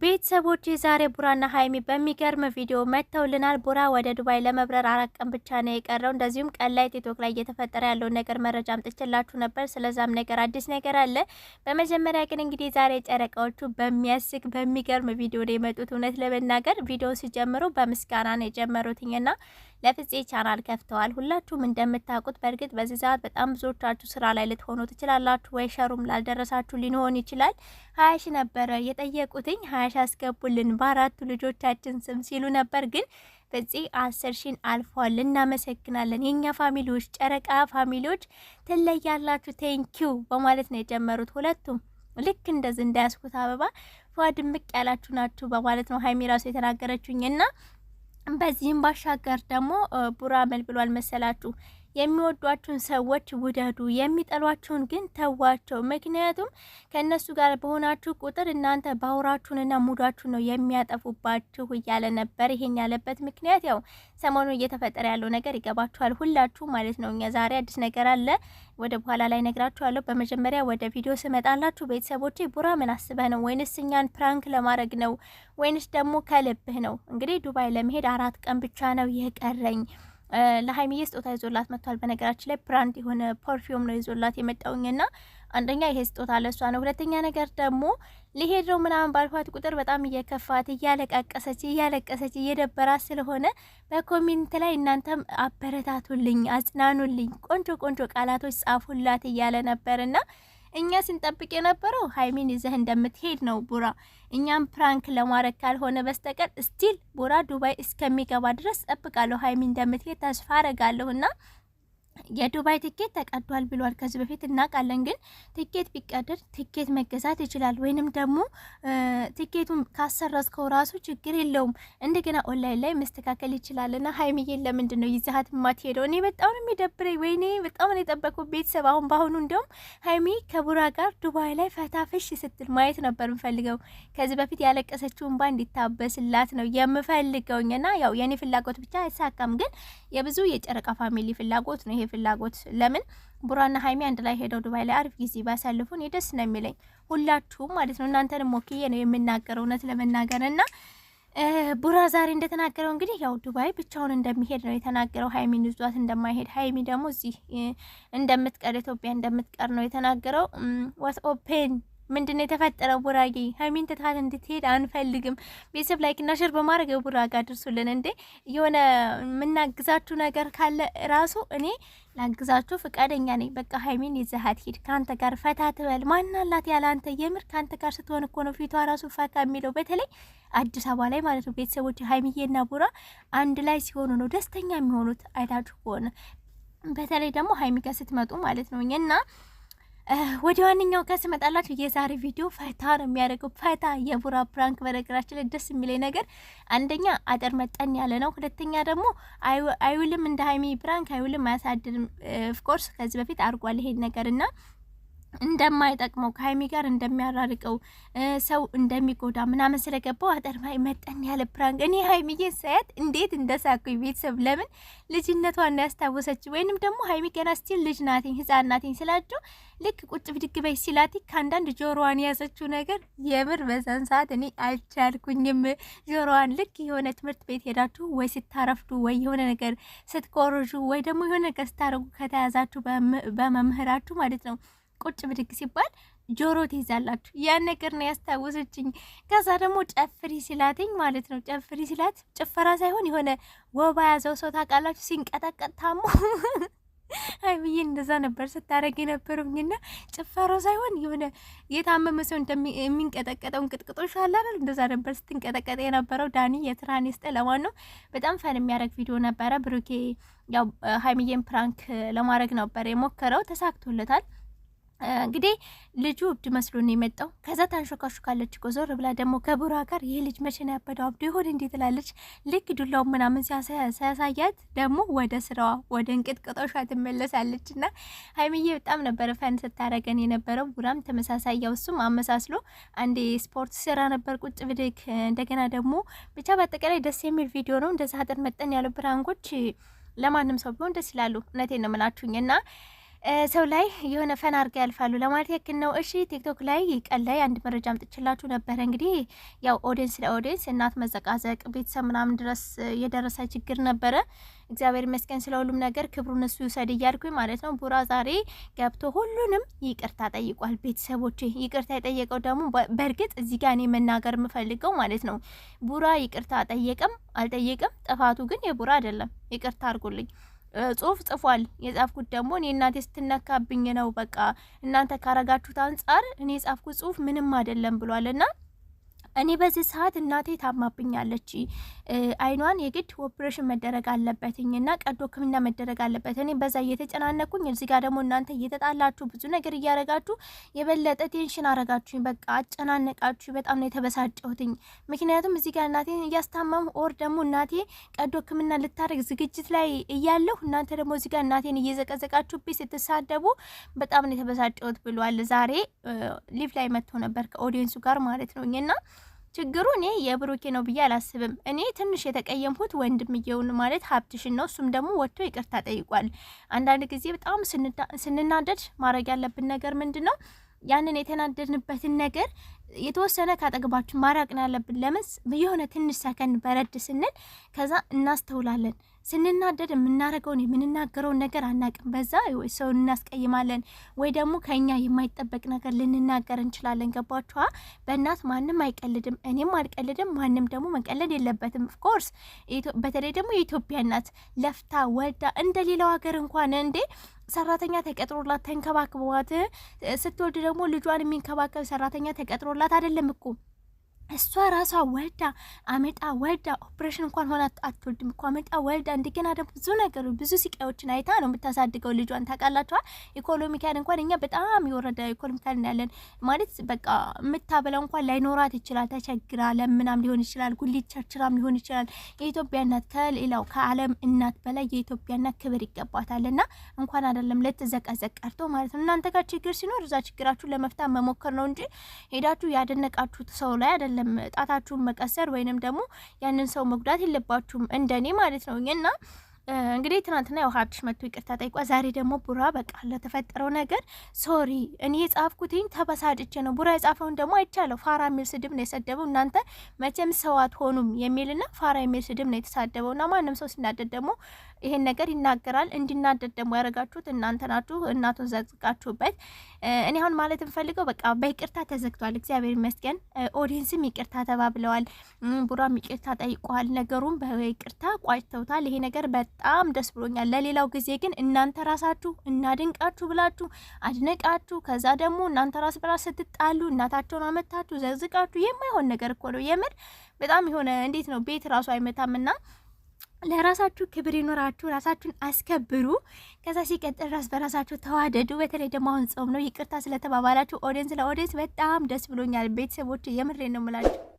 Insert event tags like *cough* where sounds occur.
ቤተሰቦች የዛሬ ቡራና ሀይሚ በሚገርም ቪዲዮ መጥተውልናል። ቡራ ወደ ዱባይ ለመብረር አራት ቀን ብቻ ነው የቀረው። እንደዚሁም ቀን ላይ ቲክቶክ ላይ እየተፈጠረ ያለውን ነገር መረጃ አምጥቼላችሁ ነበር። ስለዛም ነገር አዲስ ነገር አለ። በመጀመሪያ ግን እንግዲህ ዛሬ ጨረቃዎቹ በሚያስቅ በሚገርም ቪዲዮ ነው የመጡት። እውነት ለመናገር ቪዲዮ ሲጀምሩ በምስጋና ነው የጀመሩትኝና ለፍፄ ቻናል ከፍተዋል። ሁላችሁም እንደምታውቁት በእርግጥ በዚህ ሰዓት በጣም ብዙዎቻችሁ ስራ ላይ ልትሆኑ ትችላላችሁ፣ ወይ ሸሩም ላልደረሳችሁ ሊሆን ይችላል። ሀያ ሺ ነበረ የጠየቁትኝ ሀያሽ ሺ አስገቡልን በአራቱ ልጆቻችን ስም ሲሉ ነበር ግን በዚህ አስር ሺን አልፏል። እናመሰግናለን የእኛ ፋሚሊዎች፣ ጨረቃ ፋሚሊዎች ትለያላችሁ። ቴንኪዩ በማለት ነው የጀመሩት ሁለቱም። ልክ እንደዚህ እንዳያስኩት አበባ ፏ ድምቅ ያላችሁ ናችሁ በማለት ነው ሀይሚ ራሱ የተናገረችኝ እና በዚህም ባሻገር ደግሞ ቡራ መልብሏል መሰላችሁ የሚወዷቸውን ሰዎች ውደዱ፣ የሚጠሏቸውን ግን ተዋቸው። ምክንያቱም ከእነሱ ጋር በሆናችሁ ቁጥር እናንተ ባውራችሁንና ሙዷችሁን ነው የሚያጠፉባችሁ እያለ ነበር። ይሄን ያለበት ምክንያት ያው ሰሞኑ እየተፈጠረ ያለው ነገር ይገባችኋል ሁላችሁ ማለት ነው። እኛ ዛሬ አዲስ ነገር አለ፣ ወደ በኋላ ላይ ነግራችኋለሁ። በመጀመሪያ ወደ ቪዲዮ ስመጣላችሁ ቤተሰቦቼ፣ ቡራ ምን አስበህ ነው? ወይንስ እኛን ፕራንክ ለማድረግ ነው? ወይንስ ደግሞ ከልብህ ነው? እንግዲህ ዱባይ ለመሄድ አራት ቀን ብቻ ነው የቀረኝ ለሀይሚዬ ስጦታ ይዞላት መጥቷል። በነገራችን ላይ ብራንድ የሆነ ፐርፊውም ነው ይዞላት የመጣውኝና አንደኛ ይሄ ስጦታ ለሷ ነው። ሁለተኛ ነገር ደግሞ ሊሄድ ነው ምናምን ባልኳት ቁጥር በጣም እየከፋት እያለቃቀሰች እያለቀሰች እየደበራት ስለሆነ በኮሚኒቲ ላይ እናንተም አበረታቱልኝ፣ አጽናኑልኝ፣ ቆንጆ ቆንጆ ቃላቶች ጻፉላት እያለ ነበርና እኛ ስንጠብቅ የነበረው ሀይሚን ይዘህ እንደምትሄድ ነው ቡራ። እኛም ፕራንክ ለማድረግ ካልሆነ በስተቀር ስቲል ቡራ ዱባይ እስከሚገባ ድረስ ጠብቃለሁ። ሀይሚን እንደምትሄድ ተስፋ አረጋለሁ እና የዱባይ ትኬት ተቀዷል ብሏል። ከዚህ በፊት እናውቃለን። ግን ትኬት ቢቀደድ ትኬት መገዛት ይችላል። ወይንም ደግሞ ትኬቱን ካሰረዝከው ራሱ ችግር የለውም እንደገና ኦንላይን ላይ መስተካከል ይችላል። እና ሀይሚዬን ለምንድን ነው ይዛሀት የማትሄደው? እኔ በጣም ነው የሚደብረኝ። ወይኔ በጣም ነው የጠበቅኩት። ቤተሰብ አሁን በአሁኑ እንዲሁም ሀይሚ ከቡራ ጋር ዱባይ ላይ ፈታፍሽ ስትል ማየት ነበር የምፈልገው። ከዚህ በፊት ያለቀሰችው እንባ እንዲታበስላት ነው የምፈልገውኝ። እና ያው የእኔ ፍላጎት ብቻ አይሳካም፣ ግን የብዙ የጨረቃ ፋሚሊ ፍላጎት ነው ይሄ ፍላጎት ለምን ቡራና ሀይሚ አንድ ላይ ሄደው ዱባይ ላይ አሪፍ ጊዜ ባሳልፉ እኔ ደስ ነው የሚለኝ። ሁላችሁም ማለት ነው። እናንተንም ወክዬ ነው የምናገረው እውነት ለመናገር እና ቡራ ዛሬ እንደተናገረው እንግዲህ ያው ዱባይ ብቻውን እንደሚሄድ ነው የተናገረው። ሀይሚን ይዟት እንደማይሄድ ሀይሚ ደግሞ እዚህ እንደምትቀር ኢትዮጵያ እንደምትቀር ነው የተናገረው። ዋስ ኦፔን ምንድነው የተፈጠረው? ቡራጌ ሀይሚን ትታት እንድትሄድ አንፈልግም። ቤተሰብ ላይክና ሸር በማድረግ ቡራጋ አድርሱልን። እንዴ የሆነ የምናግዛችሁ ነገር ካለ ራሱ እኔ ላግዛችሁ ፍቃደኛ ነኝ። በቃ ሀይሚን ይዘሃት ሂድ፣ ከአንተ ጋር ፈታ ትበል። ማናላት ያለ አንተ። የምር ከአንተ ጋር ስትሆን እኮ ነው ፊቷ ራሱ ፈታ የሚለው። በተለይ አዲስ አበባ ላይ ማለት ነው። ቤተሰቦች ሀይሚዬና ቡራ አንድ ላይ ሲሆኑ ነው ደስተኛ የሚሆኑት። አይታችሁ ከሆነ በተለይ ደግሞ ሀይሚ ጋር ስትመጡ ማለት ነው እና ወደ ዋነኛው ቀን ስመጣላችሁ የዛሬ ቪዲዮ ፈታ ነው የሚያደርገው። ፈታ የቡራ ፕራንክ በነገራችን ላይ ደስ የሚለኝ ነገር አንደኛ አጠር መጠን ያለ ነው፣ ሁለተኛ ደግሞ አይውልም እንደ ሀይሚ ፕራንክ አይውልም አያሳድርም። ኦፍኮርስ ከዚህ በፊት አድርጓል ይሄን ነገር እና እንደማይጠቅመው ከሀይሚ ጋር እንደሚያራርቀው ሰው እንደሚጎዳ ምናምን ስለገባው አጠርባይ መጠን ያለ ፕራንክ እኔ ሀይሚዬ ሳያት እንዴት እንደሳኩኝ ቤተሰብ ለምን ልጅነቷን ያስታወሰች ወይንም ደግሞ ሀይሚ ገና ስቲል ልጅ ናትኝ ህፃን ናትኝ ስላቸው ልክ ቁጭ ብድግ በይ ሲላት ከአንዳንድ ጆሮዋን የያዘችው ነገር የምር በዛን ሰዓት እኔ አልቻልኩኝም። ጆሮዋን ልክ የሆነ ትምህርት ቤት ሄዳችሁ ወይ ስታረፍዱ ወይ የሆነ ነገር ስትቆርዡ ወይ ደግሞ የሆነ ነገር ስታረጉ ከተያዛችሁ በመምህራችሁ ማለት ነው ቁጭ ብድግ ሲባል ጆሮ ትይዛላችሁ። ያን ነገር ነው ያስታወሰችኝ። ከዛ ደግሞ ጨፍሪ ሲላትኝ ማለት ነው ጨፍሪ ሲላት ጭፈራ ሳይሆን የሆነ ወባ ያዘው ሰው ታውቃላችሁ፣ ሲንቀጠቀጥ ታሞ *laughs* አይ ብዬ እንደዛ ነበር ስታደረግ የነበረውኝና ጭፈራው ሳይሆን የሆነ የታመመ ሰው የሚንቀጠቀጠውን ቅጥቅጦሽ አላለን እንደዛ ነበር ስትንቀጠቀጠ የነበረው። ዳኒ የትራን ስጠ ለማን ነው በጣም ፈን የሚያደረግ ቪዲዮ ነበረ። ብሩኬ ያው ሀይሚዬን ፕራንክ ለማድረግ ነበር የሞከረው፣ ተሳክቶለታል። እንግዲህ ልጁ እብድ መስሎ ነው የመጣው። ከዛ ታንሾካሾካለች እኮ ዞር ብላ ደግሞ ከቡራ ጋር ይህ ልጅ መቼ ነው ያበደው አብዶ ይሆን እንዴ ትላለች። ልክ ዱላው ምናምን ሲያሳያት ደግሞ ወደ ስራዋ ወደ እንቅጥቅጦሿ ትመለሳለች። እና ሀይሚዬ በጣም ነበረ ፈን ስታረገን የነበረው። ቡራም ተመሳሳይ ያው እሱም አመሳስሎ አንዴ ስፖርት ስራ ነበር ቁጭ ብድግ፣ እንደገና ደግሞ ብቻ በአጠቃላይ ደስ የሚል ቪዲዮ ነው። እንደዛ አጥር መጠን ያሉ ብራንጎች ለማንም ሰው ቢሆን ደስ ይላሉ። እውነቴን ነው የምላችሁኝ እና ሰው ላይ የሆነ ፈን አድርገ ያልፋሉ ለማለት ያክል ነው። እሺ ቲክቶክ ላይ ቀን ላይ አንድ መረጃ አምጥችላችሁ ነበረ። እንግዲህ ያው ኦዲየንስ ለኦዲየንስ እናት መዘቃዘቅ፣ ቤተሰብ ምናምን ድረስ የደረሰ ችግር ነበረ። እግዚአብሔር ይመስገን ስለ ሁሉም ነገር ክብሩን እሱ ይውሰድ እያልኩኝ ማለት ነው። ቡራ ዛሬ ገብቶ ሁሉንም ይቅርታ ጠይቋል። ቤተሰቦች ይቅርታ የጠየቀው ደግሞ በእርግጥ እዚህ ጋር እኔ መናገር የምፈልገው ማለት ነው ቡራ ይቅርታ ጠየቀም አልጠየቀም ጥፋቱ ግን የቡራ አይደለም። ይቅርታ አድርጉልኝ ጽሁፍ ጽፏል። የጻፍኩት ደግሞ እኔ እናቴ ስትነካብኝ ነው። በቃ እናንተ ካረጋችሁት አንጻር እኔ የጻፍኩት ጽሁፍ ምንም አይደለም ብሏል እና እኔ በዚህ ሰዓት እናቴ ታማብኛለች፣ አይኗን የግድ ኦፕሬሽን መደረግ አለበትኝ እና ቀዶ ሕክምና መደረግ አለበት። እኔ በዛ እየተጨናነኩኝ፣ እዚህ ጋር ደግሞ እናንተ እየተጣላችሁ ብዙ ነገር እያረጋችሁ የበለጠ ቴንሽን አረጋችሁኝ። በቃ አጨናነቃችሁ። በጣም ነው የተበሳጨሁትኝ። ምክንያቱም እዚህ ጋር እናቴን እያስታመም ኦር ደግሞ እናቴ ቀዶ ሕክምና ልታደርግ ዝግጅት ላይ እያለሁ እናንተ ደግሞ እዚህ ጋር እናቴን እየዘቀዘቃችሁብኝ ስትሳደቡ በጣም ነው የተበሳጨሁት ብሏል። ዛሬ ሊቭ ላይ መጥቶ ነበር ከኦዲየንሱ ጋር ማለት ነው እና ችግሩ እኔ የብሩኬ ነው ብዬ አላስብም። እኔ ትንሽ የተቀየምሁት ወንድምየውን ማለት ሀብትሽን ነው። እሱም ደግሞ ወጥቶ ይቅርታ ጠይቋል። አንዳንድ ጊዜ በጣም ስንናደድ ማድረግ ያለብን ነገር ምንድን ነው? ያንን የተናደድንበትን ነገር የተወሰነ ካጠግባችሁ ማራቅ ያለብን። ለምን የሆነ ትንሽ ሰከን በረድ ስንል ከዛ እናስተውላለን። ስንናደድ የምናደርገውን የምንናገረውን ነገር አናቅም። በዛ ሰው እናስቀይማለን ወይ ደግሞ ከኛ የማይጠበቅ ነገር ልንናገር እንችላለን። ገባችኋ? በእናት ማንም አይቀልድም፣ እኔም አልቀልድም። ማንም ደግሞ መቀለድ የለበትም። ኦፍኮርስ በተለይ ደግሞ የኢትዮጵያ እናት ለፍታ ወልዳ እንደሌላው ሀገር እንኳን እንዴ ሰራተኛ ተቀጥሮላት ተንከባክቧት ስትወልድ ደግሞ ልጇን የሚንከባከብ ሰራተኛ ተቀጥሮላት አይደለም እኮ እሷ ራሷ ወልዳ አመጣ ወልዳ ኦፕሬሽን እንኳን ሆና አትወልድም እኮ አመጣ ወልዳ። እንደገና ደግሞ ብዙ ነገሩ ብዙ ስቃዮችን አይታ ነው የምታሳድገው ልጇን። ታውቃላችኋል። ኢኮኖሚካል እንኳን እኛ በጣም የወረደ ኢኮኖሚካል ያለን ማለት በቃ የምታበላው እንኳን ላይኖራት ይችላል። ተቸግራ ለምናም ሊሆን ይችላል፣ ጉሊት ቸርችራም ሊሆን ይችላል። የኢትዮጵያ እናት ከሌላው ከዓለም እናት በላይ የኢትዮጵያ እናት ክብር ይገባታል። እና እንኳን አይደለም ልትዘቀዘቅ ቀርቶ ማለት ነው እናንተ ጋር ችግር ሲኖር እዛ ችግራችሁ ለመፍታት መሞከር ነው እንጂ ሄዳችሁ ያደነቃችሁት ሰው ላይ አይደለም ጣታችሁን መቀሰር ወይንም ደግሞ ያንን ሰው መጉዳት የለባችሁም እንደኔ ማለት ነው እና እንግዲህ ትናንትና ያው ሀብትሽ መቶ ይቅርታ ጠይቋ። ዛሬ ደግሞ ቡራ በቃ ለተፈጠረው ነገር ሶሪ፣ እኔ የጻፍኩትኝ ተበሳጭቼ ነው። ቡራ የጻፈውን ደግሞ አይቻለሁ። ፋራ የሚል ስድብ ነው የሰደበው። እናንተ መቼም ሰው አትሆኑም የሚልና ፋራ የሚል ስድብ ነው የተሳደበው። እና ማንም ሰው ሲናደድ ደግሞ ይሄን ነገር ይናገራል። እንዲናደድ ደግሞ ያደረጋችሁት እናንተ ናችሁ። እናቱን ዘግዝቃችሁበት። እኔ አሁን ማለት የምፈልገው በቃ በይቅርታ ተዘግቷል። እግዚአብሔር ይመስገን። ኦዲየንስም ይቅርታ ተባብለዋል። ቡራም ይቅርታ ጠይቋል። ነገሩም በይቅርታ ቋጭተውታል። ይሄ ነገር በ በጣም ደስ ብሎኛል። ለሌላው ጊዜ ግን እናንተ ራሳችሁ እናድንቃችሁ ብላችሁ አድንቃችሁ ከዛ ደግሞ እናንተ ራስ በራስ ስትጣሉ እናታቸውን አመታችሁ ዘዝቃችሁ የማይሆን ነገር እኮ ነው። የምር በጣም የሆነ እንዴት ነው ቤት ራሱ አይመታምና ለራሳችሁ ክብር ይኖራችሁ፣ ራሳችሁን አስከብሩ። ከዛ ሲቀጥል ራስ በራሳችሁ ተዋደዱ። በተለይ ደግሞ አሁን ጾም ነው። ይቅርታ ስለተባባላችሁ ኦዲየንስ ለኦዲየንስ በጣም ደስ ብሎኛል ቤተሰቦች፣ የምሬ ነው ምላችሁ